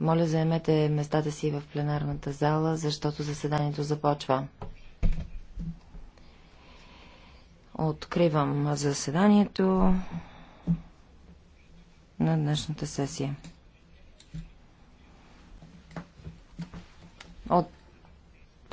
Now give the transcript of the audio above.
Моля, заемете местата си в пленарната зала, защото заседанието започва. Откривам заседанието на днешната сесия. От